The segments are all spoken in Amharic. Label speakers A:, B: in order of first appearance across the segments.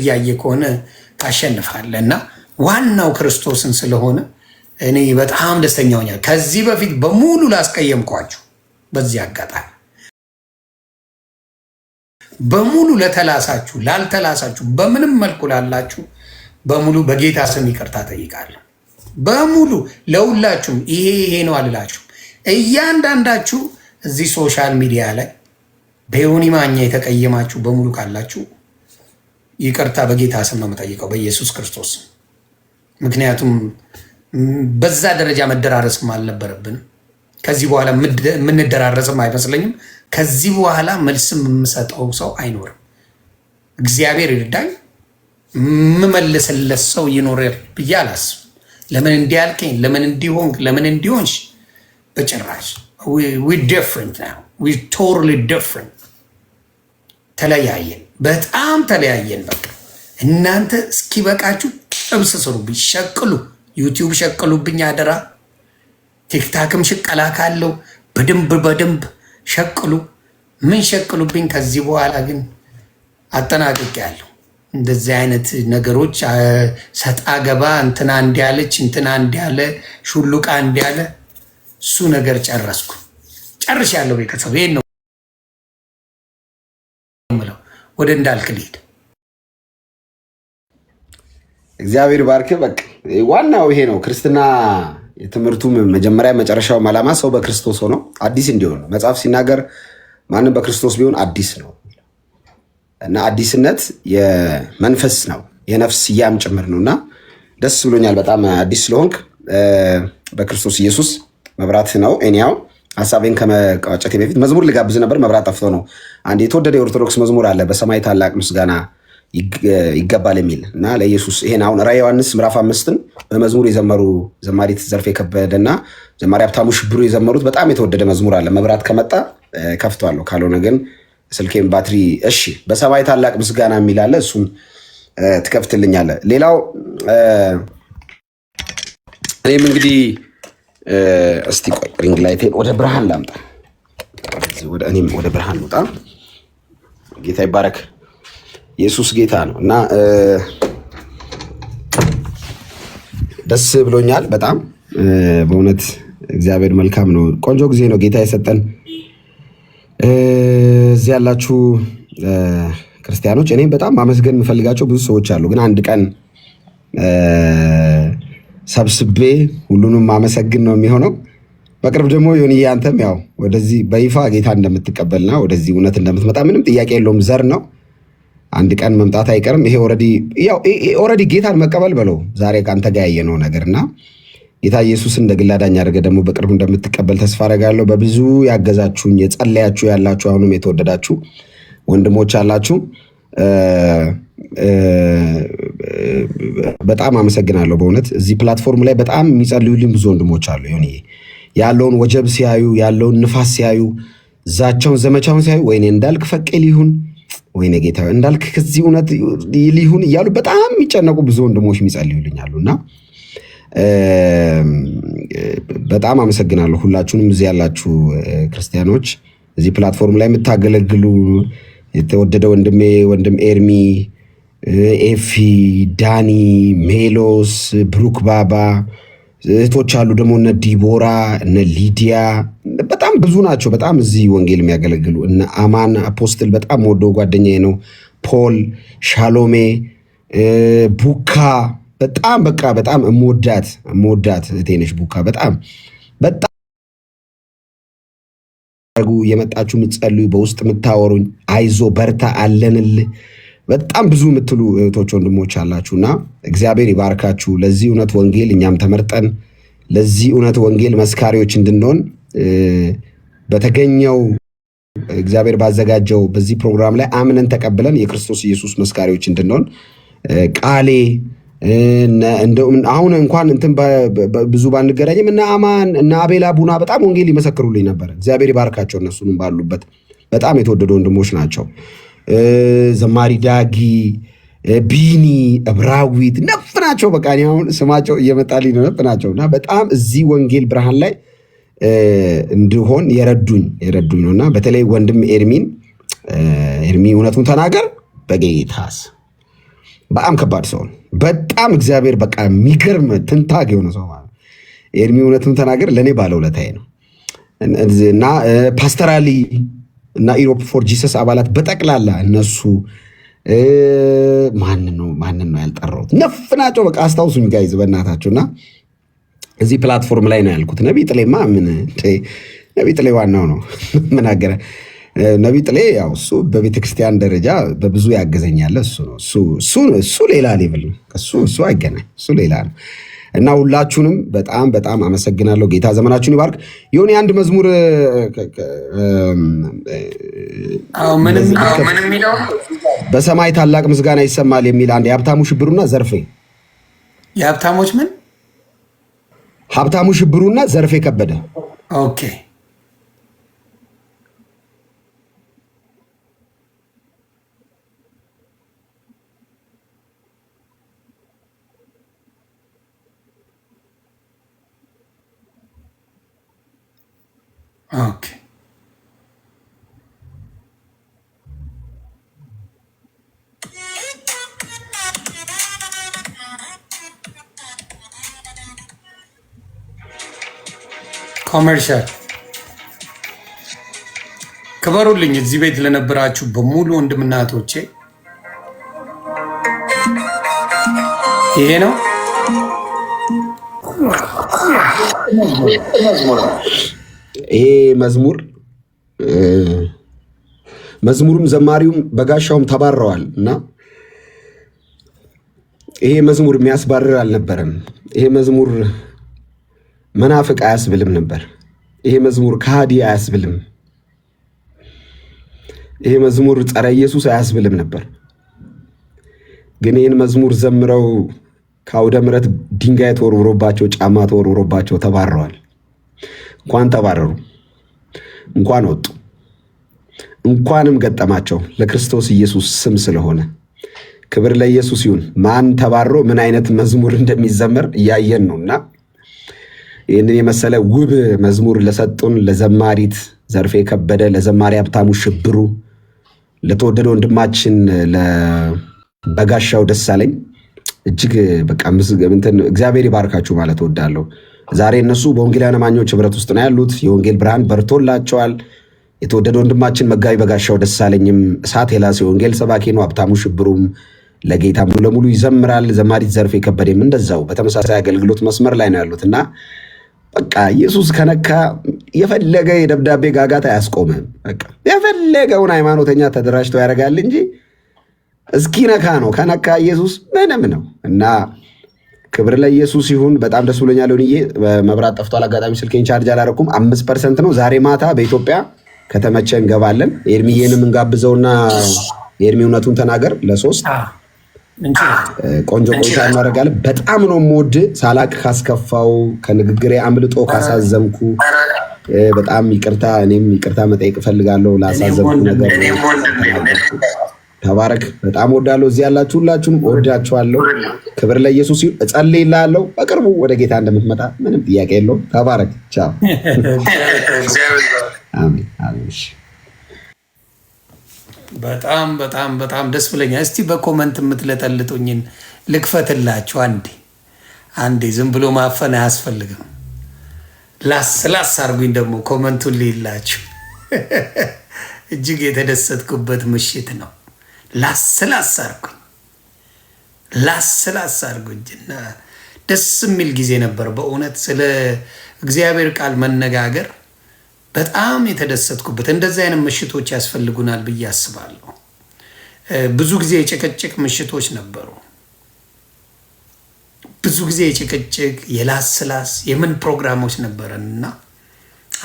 A: እያየ ከሆነ ታሸንፋለ እና ዋናው ክርስቶስን ስለሆነ እኔ በጣም ደስተኛ ሆኛል። ከዚህ በፊት በሙሉ ላስቀየምኳችሁ፣ በዚህ አጋጣሚ በሙሉ ለተላሳችሁ፣ ላልተላሳችሁ፣ በምንም መልኩ ላላችሁ በሙሉ በጌታ ስም ይቅርታ ጠይቃለሁ። በሙሉ ለሁላችሁም ይሄ ይሄ ነው አልላችሁ እያንዳንዳችሁ እዚህ ሶሻል ሚዲያ ላይ በዮኒ ማኛ የተቀየማችሁ በሙሉ ካላችሁ ይቅርታ በጌታ ስም ነው የምጠይቀው፣ በኢየሱስ ክርስቶስ። ምክንያቱም በዛ ደረጃ መደራረስም አልነበረብንም። ከዚህ በኋላ የምንደራረስም አይመስለኝም። ከዚህ በኋላ መልስም የምሰጠው ሰው አይኖርም። እግዚአብሔር ይርዳኝ። የምመልስለት ሰው ይኖራል ብዬ አላስብም። ለምን እንዲያልከኝ፣ ለምን እንዲሆን፣ ለምን እንዲሆንሽ በጭራሽ። ዊ ዲፍረንት ናው ዊ ቶታሊ ዲፍረንት። ተለያየን። በጣም ተለያየን። በቃ እናንተ እስኪበቃችሁ ጥብስ ስሩብኝ፣ ሸቅሉ፣ ዩቲዩብ ሸቅሉብኝ አደራ። ቲክታክም ሽቀላ ካለው በደንብ በደንብ ሸቅሉ፣ ምን ሸቅሉብኝ። ከዚህ በኋላ ግን አጠናቅቄያለሁ። እንደዚህ አይነት ነገሮች ሰጣ ገባ፣ እንትና እንዲያለች፣ እንትና እንዲያለ፣ ሹሉቃ እንዲያለ፣ እሱ ነገር ጨረስኩ፣ ጨርሻለሁ። ቤተሰብ ይሄን ነው። ወደ እንዳልክ ልሂድ። እግዚአብሔር ባርክ። በቃ ዋናው ይሄ ነው ክርስትና የትምህርቱ መጀመሪያ መጨረሻው ዓላማ ሰው በክርስቶስ ሆኖ አዲስ እንዲሆን ነው። መጽሐፍ ሲናገር ማንም በክርስቶስ ቢሆን አዲስ ነው እና አዲስነት የመንፈስ ነው የነፍስ ስያም ጭምር ነው እና ደስ ብሎኛል በጣም አዲስ ስለሆንክ በክርስቶስ ኢየሱስ መብራት ነው እኔያው ሀሳቤን ከመቋጨቴ በፊት መዝሙር ልጋብዝ ነበር፣ መብራት ጠፍቶ ነው። አንድ የተወደደ የኦርቶዶክስ መዝሙር አለ በሰማይ ታላቅ ምስጋና ይገባል የሚል እና ለኢየሱስ ይሄን አሁን ራዕየ ዮሐንስ ምዕራፍ አምስትን በመዝሙር የዘመሩ ዘማሪት ዘርፌ ከበደና ዘማሪ ሀብታሙ ሽብሩ የዘመሩት በጣም የተወደደ መዝሙር አለ። መብራት ከመጣ ከፍቷለሁ፣ ካልሆነ ግን ስልኬም ባትሪ። እሺ፣ በሰማይ ታላቅ ምስጋና የሚል አለ። እሱም ትከፍትልኛለ። ሌላው እኔም እንግዲህ እስቲ ቆይ ሪንግ ላይቴን ወደ ብርሃን ላምጣ። ወደ እኔም ወደ ብርሃን ልውጣ። ጌታ ይባረክ። ኢየሱስ ጌታ ነው እና ደስ ብሎኛል በጣም በእውነት እግዚአብሔር መልካም ነው። ቆንጆ ጊዜ ነው ጌታ የሰጠን። እዚህ ያላችሁ ክርስቲያኖች እኔም በጣም ማመስገን የምፈልጋቸው ብዙ ሰዎች አሉ፣ ግን አንድ ቀን ሰብስቤ ሁሉንም ማመሰግን ነው የሚሆነው። በቅርብ ደግሞ ዮኒዬ አንተም ያው ወደዚህ በይፋ ጌታ እንደምትቀበልና ወደዚህ እውነት እንደምትመጣ ምንም ጥያቄ የለውም። ዘር ነው አንድ ቀን መምጣት አይቀርም። ይሄ ኦልሬዲ ጌታን መቀበል በለው ዛሬ ከአንተ ጋር ያየነው ነገር እና ጌታ ኢየሱስ እንደ ግል አዳኝ ደግሞ በቅርቡ እንደምትቀበል ተስፋ አደርጋለሁ። በብዙ ያገዛችሁኝ የጸለያችሁ ያላችሁ አሁንም የተወደዳችሁ ወንድሞች አላችሁ። በጣም አመሰግናለሁ። በእውነት እዚህ ፕላትፎርም ላይ በጣም የሚጸልዩልኝ ብዙ ወንድሞች አሉ። ሆን ያለውን ወጀብ ሲያዩ፣ ያለውን ንፋስ ሲያዩ፣ ዛቸውን ዘመቻውን ሲያዩ ወይኔ እንዳልክ ፈቄ ሊሁን ወይኔ ጌታ እንዳልክ ከዚህ እውነት ሊሁን እያሉ በጣም የሚጨነቁ ብዙ ወንድሞች አሉ እና በጣም አመሰግናለሁ ሁላችሁንም እዚህ ያላችሁ ክርስቲያኖች፣ እዚህ ፕላትፎርም ላይ የምታገለግሉ የተወደደ ወንድሜ ወንድም ኤርሚ ኤፊ፣ ዳኒ፣ ሜሎስ፣ ብሩክ ባባ እህቶች አሉ ደግሞ እነ ዲቦራ እነ ሊዲያ በጣም ብዙ ናቸው። በጣም እዚህ ወንጌል የሚያገለግሉ እነ አማን አፖስትል በጣም ወደ ጓደኛዬ ነው። ፖል ሻሎሜ፣ ቡካ በጣም በቃ በጣም እምወዳት እምወዳት እህቴነች ቡካ በጣም በጣም የመጣችሁ የምትጸልዩ በውስጥ የምታወሩኝ አይዞ በርታ አለንልህ በጣም ብዙ የምትሉ እህቶች ወንድሞች አላችሁና እግዚአብሔር ይባርካችሁ። ለዚህ እውነት ወንጌል እኛም ተመርጠን ለዚህ እውነት ወንጌል መስካሪዎች እንድንሆን በተገኘው እግዚአብሔር ባዘጋጀው በዚህ ፕሮግራም ላይ አምነን ተቀብለን የክርስቶስ ኢየሱስ መስካሪዎች እንድንሆን ቃሌ አሁን እንኳን እንትን ብዙ ባንገናኝም እና አማን እና አቤላ ቡና በጣም ወንጌል ይመሰክሩልኝ ነበር። እግዚአብሔር ይባርካቸው። እነሱንም ባሉበት በጣም የተወደዱ ወንድሞች ናቸው። ዘማሪ ዳጊ፣ ቢኒ፣ እብራዊት ነፍ ናቸው። በቃ አሁን ስማቸው እየመጣልኝ ነፍ ናቸው እና በጣም እዚህ ወንጌል ብርሃን ላይ እንድሆን የረዱኝ የረዱኝ ነው እና በተለይ ወንድም ኤርሚን ኤርሚ እውነቱን ተናገር በጌታስ በጣም ከባድ ሰው በጣም እግዚአብሔር በቃ የሚገርም ትንታግ የሆነ ሰው ማለት ኤርሚ እውነቱን ተናገር ለእኔ ባለውለታዬ ነው እና ፓስተራሊ እና ኢሮፕ ፎር ጂሰስ አባላት በጠቅላላ እነሱ ማንን ነው ማንን ነው ያልጠራሁት? ነፍ ናቸው። በቃ አስታውሱኝ ጋይዝ በእናታችሁ። እና እዚህ ፕላትፎርም ላይ ነው ያልኩት። ነቢ ጥሌማ ምን ነቢ ጥሌ ዋናው ነው ምናገረ ነቢ ጥሌ ያው እሱ በቤተክርስቲያን ደረጃ በብዙ ያገዘኛለ እሱ ነው። እሱ ሌላ ሌቭል ነው። እሱ እሱ አይገናኝ። እሱ ሌላ ነው። እና ሁላችሁንም በጣም በጣም አመሰግናለሁ። ጌታ ዘመናችሁን ይባርክ። የሆነ የአንድ መዝሙር በሰማይ ታላቅ ምስጋና ይሰማል የሚል አንድ የሀብታሙ ሽብሩና ዘርፌ
B: የሀብታሞች ምን
A: ሀብታሙ ሽብሩና ዘርፌ ከበደ
B: ኦኬ ኦኬ ኮመርሻል ክበሩልኝ። እዚህ ቤት ለነበራችሁ በሙሉ ወንድምና እህቶቼ ይሄ ነው።
A: ይሄ መዝሙር መዝሙሩም ዘማሪውም በጋሻውም ተባረዋል እና ይሄ መዝሙር የሚያስባርር አልነበረም። ይሄ መዝሙር መናፍቅ አያስብልም ነበር። ይሄ መዝሙር ከሃዲ አያስብልም። ይሄ መዝሙር ጸረ ኢየሱስ አያስብልም ነበር። ግን ይህን መዝሙር ዘምረው ከአውደ ምሕረት ድንጋይ ተወርውሮባቸው፣ ጫማ ተወርውሮባቸው ተባረዋል። እንኳን ተባረሩ፣ እንኳን ወጡ፣ እንኳንም ገጠማቸው ለክርስቶስ ኢየሱስ ስም ስለሆነ ክብር ለኢየሱስ ይሁን። ማን ተባሮ ምን አይነት መዝሙር እንደሚዘመር እያየን ነው እና ይህንን የመሰለ ውብ መዝሙር ለሰጡን ለዘማሪት ዘርፌ ከበደ፣ ለዘማሪ ሀብታሙ ሽብሩ፣ ለተወደደ ወንድማችን ለበጋሻው ደሳለኝ እጅግ በቃ እግዚአብሔር ይባርካችሁ ማለት እወዳለሁ። ዛሬ እነሱ በወንጌላውያን አማኞች ህብረት ውስጥ ነው ያሉት። የወንጌል ብርሃን በርቶላቸዋል። የተወደደ ወንድማችን መጋቢ በጋሻው ደሳለኝም እሳት የላሴ ወንጌል ሰባኪ ነው። ሀብታሙ ሽብሩም ለጌታ ሙሉ ለሙሉ ይዘምራል። ዘማሪት ዘርፌ ከበደም እንደዛው በተመሳሳይ አገልግሎት መስመር ላይ ነው ያሉት እና በቃ ኢየሱስ ከነካ የፈለገ የደብዳቤ ጋጋት አያስቆምም። የፈለገውን ሃይማኖተኛ ተደራጅቶ ያደርጋል እንጂ እስኪነካ ነው። ከነካ ኢየሱስ ምንም ነው እና ክብር ለኢየሱስ ይሁን። በጣም ደስ ብሎኛል። ሆንዬ መብራት ጠፍቷል። አጋጣሚ ስልኬን ቻርጅ አላረኩም። አምስት ፐርሰንት ነው። ዛሬ ማታ በኢትዮጵያ ከተመቸ እንገባለን። ኤርሚዬንም እንጋብዘውና የእድሜ እውነቱን ተናገር ለሶስት ቆንጆ ቆይታ እናደርጋለን። በጣም ነው ሞድ ሳላቅ ካስከፋው፣ ከንግግሬ አምልጦ ካሳዘምኩ በጣም ይቅርታ። እኔም ይቅርታ መጠየቅ እፈልጋለሁ ላሳዘምኩ ነገር ተባረክ። በጣም ወዳለሁ። እዚህ ያላችሁ ሁላችሁም ወዳችኋለሁ። ክብር ለኢየሱስ ይሁን። እጸልይልሃለሁ። በቅርቡ ወደ ጌታ እንደምትመጣ ምንም ጥያቄ የለውም። ተባረክ። ቻው። በጣም በጣም በጣም ደስ ብለኛል። እስቲ በኮመንት የምትለጠልጡኝን ልክፈትላችሁ። አንዴ አንዴ ዝም ብሎ ማፈን አያስፈልግም። ላስ ላስ አርጉኝ ደግሞ ኮመንቱን ልይላችሁ። እጅግ የተደሰትኩበት ምሽት ነው። ላስላስ አርጉኝ ላስላስ አርጉኝ እና ደስ የሚል ጊዜ ነበር በእውነት ስለ እግዚአብሔር ቃል መነጋገር በጣም የተደሰትኩበት። እንደዚህ አይነት ምሽቶች ያስፈልጉናል ብዬ አስባለሁ። ብዙ ጊዜ የጭቅጭቅ ምሽቶች ነበሩ። ብዙ ጊዜ የጭቅጭቅ የላስላስ የምን ፕሮግራሞች ነበረን እና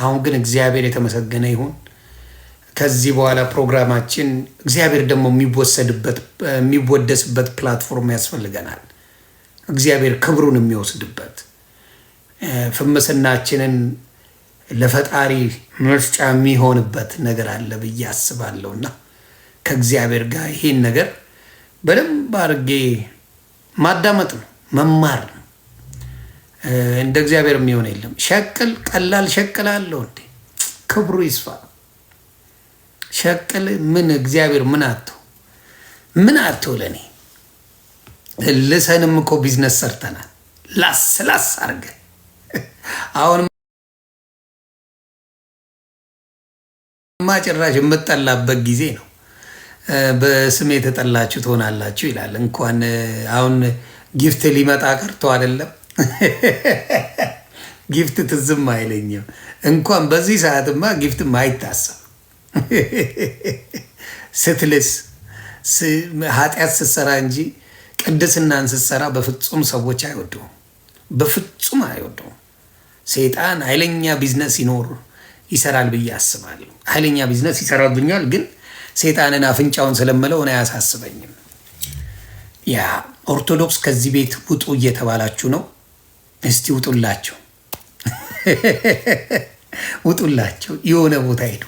A: አሁን ግን እግዚአብሔር የተመሰገነ ይሁን። ከዚህ በኋላ ፕሮግራማችን እግዚአብሔር ደግሞ የሚወሰድበት የሚወደስበት ፕላትፎርም ያስፈልገናል። እግዚአብሔር ክብሩን የሚወስድበት ፍምስናችንን ለፈጣሪ ምርጫ የሚሆንበት ነገር አለ ብዬ አስባለሁ እና ከእግዚአብሔር ጋር ይሄን ነገር በደንብ አድርጌ ማዳመጥ ነው፣ መማር ነው። እንደ እግዚአብሔር የሚሆን የለም። ሸቅል ቀላል ሸቅል አለው እንዴ! ክብሩ ይስፋ። ሸቅል ምን እግዚአብሔር ምን አቶ ምን አቶ ለእኔ ልሰንም እኮ ቢዝነስ ሰርተናል። ላስ ላስ አርገ አሁን ማጭራሽ የምጠላበት ጊዜ ነው። በስሜ የተጠላችሁ ትሆናላችሁ ይላል። እንኳን አሁን ጊፍት ሊመጣ ቀርቶ አይደለም ጊፍት ትዝም አይለኝም። እንኳን በዚህ ሰዓትማ ጊፍትም አይታሰብ ስትልስ ኃጢአት ስትሰራ እንጂ ቅድስናን ስትሰራ በፍጹም ሰዎች አይወደውም። በፍጹም አይወደውም። ሰይጣን ኃይለኛ ቢዝነስ ይኖር ይሰራል ብዬ አስባለሁ። ኃይለኛ ቢዝነስ ይሰራብኛል፣ ግን ሰይጣንን አፍንጫውን ስለምለው እኔ አያሳስበኝም። ያ ኦርቶዶክስ ከዚህ ቤት ውጡ እየተባላችሁ ነው። እስቲ ውጡላቸው፣ ውጡላቸው። የሆነ ቦታ ሄዱ።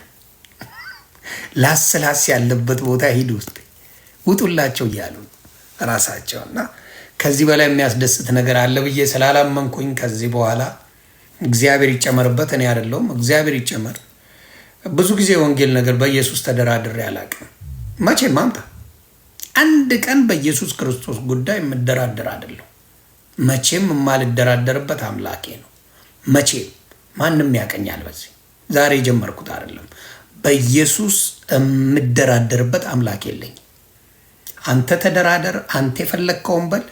A: ላስላስ ያለበት ቦታ ሂድ ውስጥ ውጡላቸው እያሉ ራሳቸው እና ከዚህ በላይ የሚያስደስት ነገር አለ ብዬ ስላላመንኩኝ ከዚህ በኋላ እግዚአብሔር ይጨመርበት፣ እኔ አይደለሁም እግዚአብሔር ይጨመር። ብዙ ጊዜ ወንጌል ነገር በኢየሱስ ተደራድሬ አላቅም። መቼ ማምታ አንድ ቀን በኢየሱስ ክርስቶስ ጉዳይ የምደራደር አይደለሁ። መቼም የማልደራደርበት አምላኬ ነው። መቼም ማንም ያቀኛል። በዚህ ዛሬ የጀመርኩት አይደለም። በኢየሱስ የምደራደርበት አምላክ የለኝ። አንተ ተደራደር፣ አንተ የፈለግከውን በል።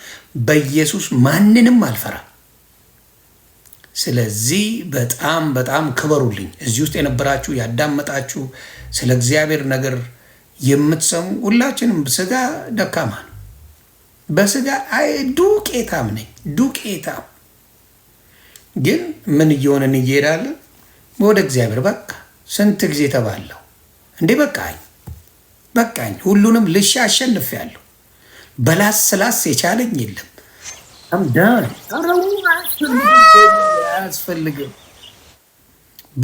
A: በኢየሱስ ማንንም አልፈራ። ስለዚህ በጣም በጣም ክበሩልኝ። እዚህ ውስጥ የነበራችሁ ያዳመጣችሁ፣ ስለ እግዚአብሔር ነገር የምትሰሙ ሁላችንም ስጋ ደካማ ነው። በስጋ ዱቄታም ነኝ ዱቄታም። ግን ምን እየሆነን እየሄዳለን ወደ እግዚአብሔር በቃ ስንት ጊዜ ተባለሁ እንዴ? በቃኝ በቃኝ፣ ሁሉንም ልሽ አሸንፍ ያለሁ በላስ ስላስ የቻለኝ የለም። አያስፈልግም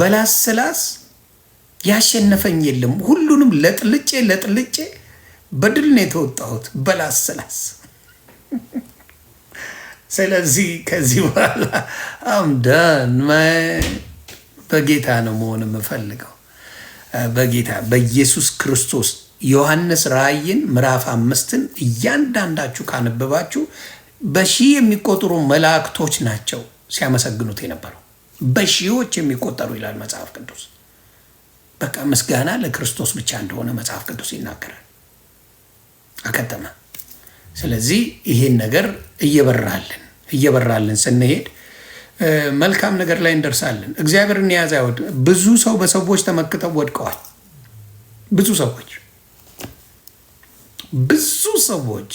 A: በላስ ስላስ ያሸነፈኝ የለም። ሁሉንም ለጥልጬ ለጥልጬ በድል ነው የተወጣሁት በላስ ስላስ። ስለዚህ ከዚህ በኋላ አምዳን በጌታ ነው መሆን የምፈልገው በጌታ በኢየሱስ ክርስቶስ። ዮሐንስ ራእይን ምዕራፍ አምስትን እያንዳንዳችሁ ካነበባችሁ በሺህ የሚቆጠሩ መላእክቶች ናቸው ሲያመሰግኑት የነበረው በሺዎች የሚቆጠሩ ይላል መጽሐፍ ቅዱስ። በቃ ምስጋና ለክርስቶስ ብቻ እንደሆነ መጽሐፍ ቅዱስ ይናገራል። አከተመ። ስለዚህ ይህን ነገር እየበራልን እየበራልን ስንሄድ መልካም ነገር ላይ እንደርሳለን። እግዚአብሔርን የያዘ ያወድ ብዙ ሰው በሰዎች ተመክተው ወድቀዋል። ብዙ ሰዎች ብዙ ሰዎች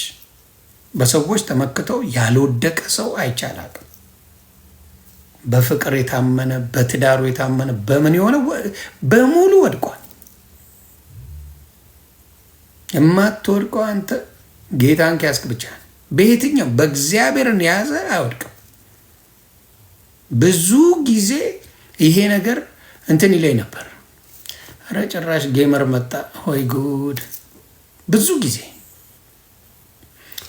A: በሰዎች ተመክተው ያልወደቀ ሰው አይቻላል። በፍቅር የታመነ በትዳሩ የታመነ በምን የሆነ በሙሉ ወድቋል። የማትወድቀው አንተ ጌታን ኪያስክ ብቻ። በየትኛው በእግዚአብሔርን የያዘ አይወድቅም። ብዙ ጊዜ ይሄ ነገር እንትን ይለኝ ነበር። ኧረ ጭራሽ ጌመር መጣ ሆይ ጉድ! ብዙ ጊዜ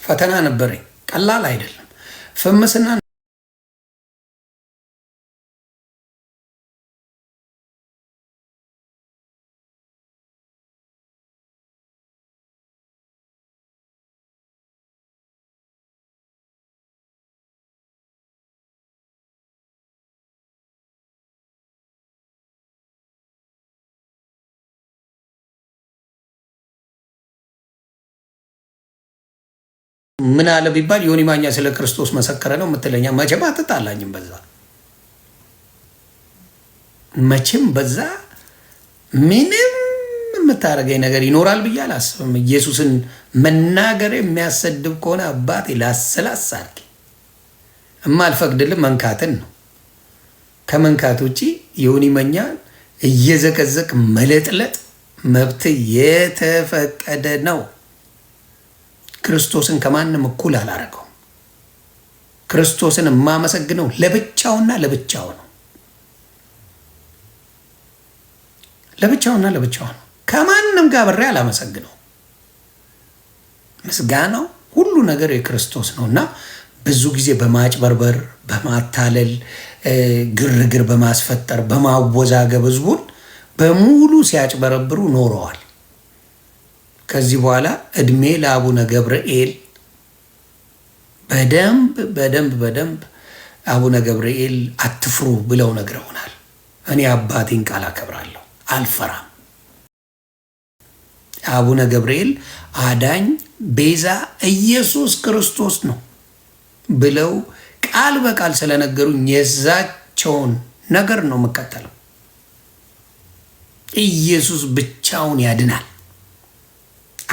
A: ፈተና ነበረኝ። ቀላል አይደለም። ፍምስና ምን አለ ቢባል ዮኒ ማኛ ስለ ክርስቶስ መሰከረ ነው የምትለኛ፣ መቼም አትጣላኝም በዛ መቼም በዛ ምንም የምታደርገኝ ነገር ይኖራል ብዬ አላስብም። ኢየሱስን መናገር የሚያሰድብ ከሆነ አባቴ ላስላስ እማልፈቅድልም መንካትን ነው። ከመንካት ውጪ ዮኒ ማኛን እየዘቀዘቅ መለጥለጥ መብት የተፈቀደ ነው። ክርስቶስን ከማንም እኩል አላረገው። ክርስቶስን የማመሰግነው ለብቻውና ለብቻው ነው። ለብቻውና ለብቻው ነው። ከማንም ጋር ብሬ አላመሰግነው። ምስጋናው ሁሉ ነገር የክርስቶስ ነው እና ብዙ ጊዜ በማጭበርበር በማታለል ግርግር በማስፈጠር በማወዛገብ ህዝቡን በሙሉ ሲያጭበረብሩ ኖረዋል። ከዚህ በኋላ እድሜ ለአቡነ ገብርኤል በደንብ በደንብ በደንብ አቡነ ገብርኤል አትፍሩ ብለው ነግረውናል። እኔ አባቴን ቃል አከብራለሁ፣ አልፈራም። አቡነ ገብርኤል አዳኝ ቤዛ ኢየሱስ ክርስቶስ ነው ብለው ቃል በቃል ስለነገሩኝ የዛቸውን ነገር ነው የምከተለው። ኢየሱስ ብቻውን ያድናል።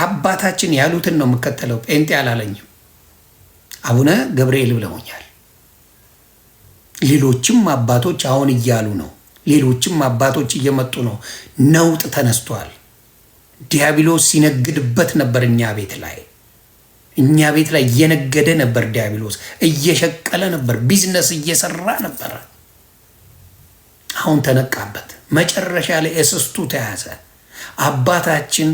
A: አባታችን ያሉትን ነው የምከተለው። ጴንጤ አላለኝም። አቡነ ገብርኤል ብለውኛል። ሌሎችም አባቶች አሁን እያሉ ነው። ሌሎችም አባቶች እየመጡ ነው። ነውጥ ተነስቷል። ዲያብሎስ ሲነግድበት ነበር እኛ ቤት ላይ እኛ ቤት ላይ እየነገደ ነበር። ዲያብሎስ እየሸቀለ ነበር። ቢዝነስ እየሰራ ነበረ። አሁን ተነቃበት። መጨረሻ ላይ እስስቱ ተያዘ። አባታችን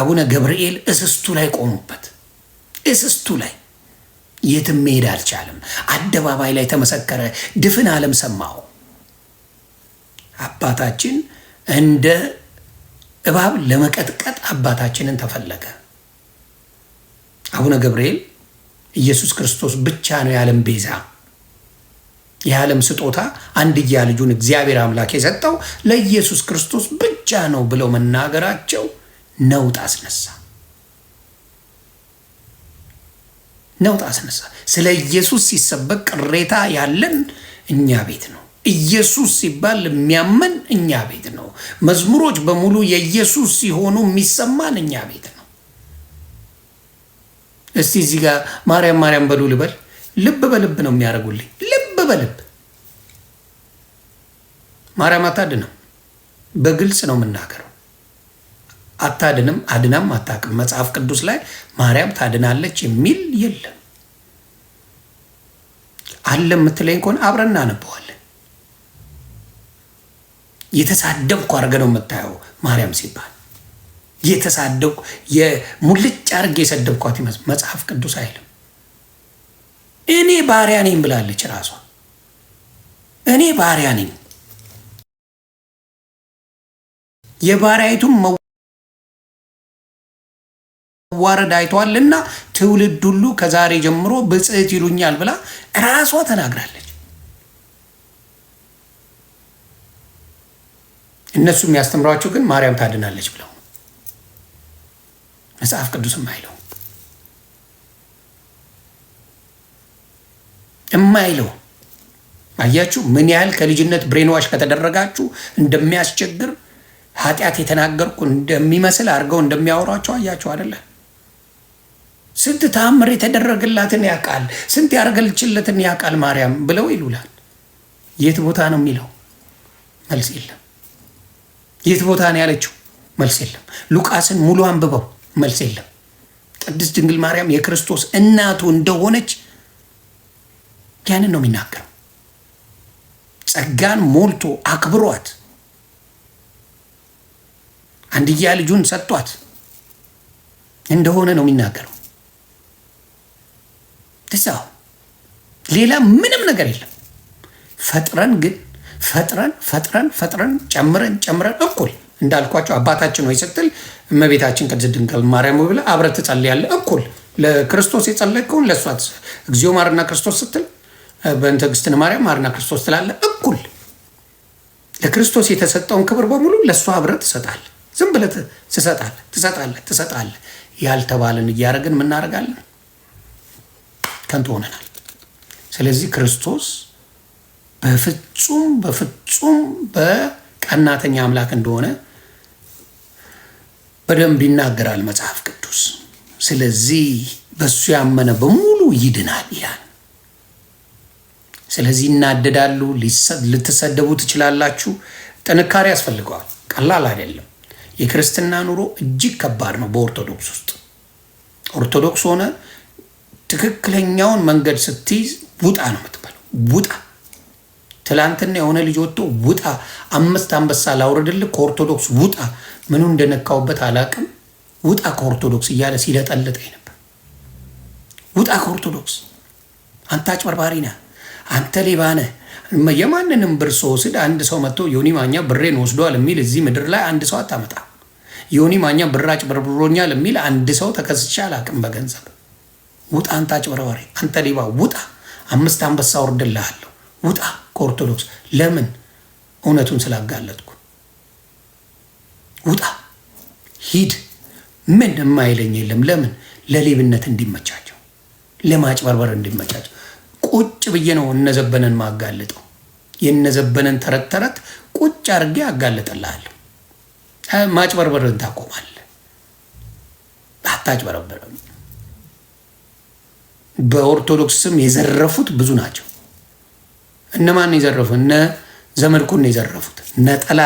A: አቡነ ገብርኤል እስስቱ ላይ ቆሙበት። እስስቱ ላይ የትም መሄድ አልቻለም። አደባባይ ላይ ተመሰከረ፣ ድፍን ዓለም ሰማው። አባታችን እንደ እባብ ለመቀጥቀጥ አባታችንን ተፈለገ። አቡነ ገብርኤል ኢየሱስ ክርስቶስ ብቻ ነው የዓለም ቤዛ፣ የዓለም ስጦታ፣ አንድያ ልጁን እግዚአብሔር አምላክ የሰጠው ለኢየሱስ ክርስቶስ ብቻ ነው ብለው መናገራቸው ነውጥ አስነሳ። ነውጥ አስነሳ። ስለ ኢየሱስ ሲሰበክ ቅሬታ ያለን እኛ ቤት ነው። ኢየሱስ ሲባል የሚያመን እኛ ቤት ነው። መዝሙሮች በሙሉ የኢየሱስ ሲሆኑ የሚሰማን እኛ ቤት ነው። እስቲ እዚህ ጋር ማርያም ማርያም በሉ ልበል። ልብ በልብ ነው የሚያደርጉልኝ። ልብ በልብ ማርያም አታድነው። በግልጽ ነው የምናገረው። አታድንም፣ አድናም አታውቅም። መጽሐፍ ቅዱስ ላይ ማርያም ታድናለች የሚል የለም። አለ የምትለኝ ከሆነ አብረን እናነበዋለን። የተሳደብኩ አድርገህ ነው የምታየው። ማርያም ሲባል የተሳደብኩ የሙልጭ አድርጌ የሰደብኳት ይመስል መጽሐፍ ቅዱስ አይልም። እኔ ባሪያ ነኝ ብላለች ራሷ። እኔ ባሪያ ነኝ የባሪያይቱም መዋረድ አይተዋል እና ትውልድ ሁሉ ከዛሬ ጀምሮ ብጽዕት ይሉኛል ብላ ራሷ ተናግራለች። እነሱ የሚያስተምሯቸው ግን ማርያም ታድናለች ብለው መጽሐፍ ቅዱስም አይለው እማይለው አያችሁ፣ ምን ያህል ከልጅነት ብሬንዋሽ ከተደረጋችሁ እንደሚያስቸግር ኃጢአት የተናገርኩ እንደሚመስል አድርገው እንደሚያወሯቸው አያችሁ አይደለም። ስንት ተአምር የተደረገላትን ያውቃል፣ ስንት ያርገልችለትን ያውቃል ማርያም ብለው ይሉላል። የት ቦታ ነው የሚለው መልስ የለም። የት ቦታ ነው ያለችው መልስ የለም። ሉቃስን ሙሉ አንብበው መልስ የለም። ቅድስት ድንግል ማርያም የክርስቶስ እናቱ እንደሆነች ያንን ነው የሚናገረው። ጸጋን ሞልቶ አክብሯት አንድያ ልጁን ሰጥቷት እንደሆነ ነው የሚናገረው። እዛው ሌላ ምንም ነገር የለም። ፈጥረን ግን ፈጥረን ፈጥረን ፈጥረን ጨምረን ጨምረን እኩል እንዳልኳቸው አባታችን ወይ ስትል እመቤታችን ቅድስት ድንግል ማርያም ብለ አብረህ ትጸልያለህ። እኩል ለክርስቶስ የጸለይከውን ለእሷ እግዚኦ ማርና ክርስቶስ ስትል በእንተ እግዝእትነ ማርያም ማርና ክርስቶስ ትላለህ። እኩል ለክርስቶስ የተሰጠውን ክብር በሙሉ ለእሷ አብረህ ትሰጣለህ። ዝም ብለህ ትሰጣለህ፣ ትሰጣለህ፣ ትሰጣለህ። ያልተባለን እያደረግን ምናደርጋለን ከንቱ ሆነናል። ስለዚህ ክርስቶስ በፍጹም በፍጹም በቀናተኛ አምላክ እንደሆነ በደንብ ይናገራል መጽሐፍ ቅዱስ። ስለዚህ በሱ ያመነ በሙሉ ይድናል ይላል። ስለዚህ ይናደዳሉ፣ ልትሰደቡ ትችላላችሁ። ጥንካሬ ያስፈልገዋል። ቀላል አይደለም። የክርስትና ኑሮ እጅግ ከባድ ነው። በኦርቶዶክስ ውስጥ ኦርቶዶክስ ሆነ ትክክለኛውን መንገድ ስትይዝ ውጣ ነው የምትባለው። ውጣ ትላንትና የሆነ ልጅ ወጥቶ ውጣ፣ አምስት አንበሳ ላውረድልህ፣ ከኦርቶዶክስ ውጣ፣ ምኑ እንደነካውበት አላቅም፣ ውጣ ከኦርቶዶክስ እያለ ሲለጠልጠኝ ነበር። ውጣ ከኦርቶዶክስ፣ አንተ አጭበርባሪ ነህ፣ አንተ ሌባ ነህ። የማንንም ብር ስወስድ አንድ ሰው መጥቶ ዮኒ ማኛ ብሬን ወስዷል የሚል እዚህ ምድር ላይ አንድ ሰው አታመጣ። ዮኒ ማኛ ብር አጭበርብሮኛል የሚል አንድ ሰው ተከስቼ አላቅም በገንዘብ ውጣ፣ አንተ አጭበርባሪ፣ አንተ ሌባ ውጣ፣ አምስት አንበሳ ወርድልሃለሁ፣ ውጣ ከኦርቶዶክስ ለምን እውነቱን ስላጋለጥኩ ውጣ፣ ሂድ። ምን የማይለኝ የለም። ለምን ለሌብነት እንዲመቻቸው፣ ለማጭበርበር እንዲመቻቸው ቁጭ ብዬ ነው እነዘበነን ማጋለጠው። የነዘበነን ተረት ተረት ቁጭ አድርጌ አጋለጠልሃለሁ። ማጭበርበርን ታቆማለህ። አታጭበረበረም። በኦርቶዶክስ ስም የዘረፉት ብዙ ናቸው። እነማን የዘረፉ? እነ ዘመድኩን የዘረፉት ነጠላ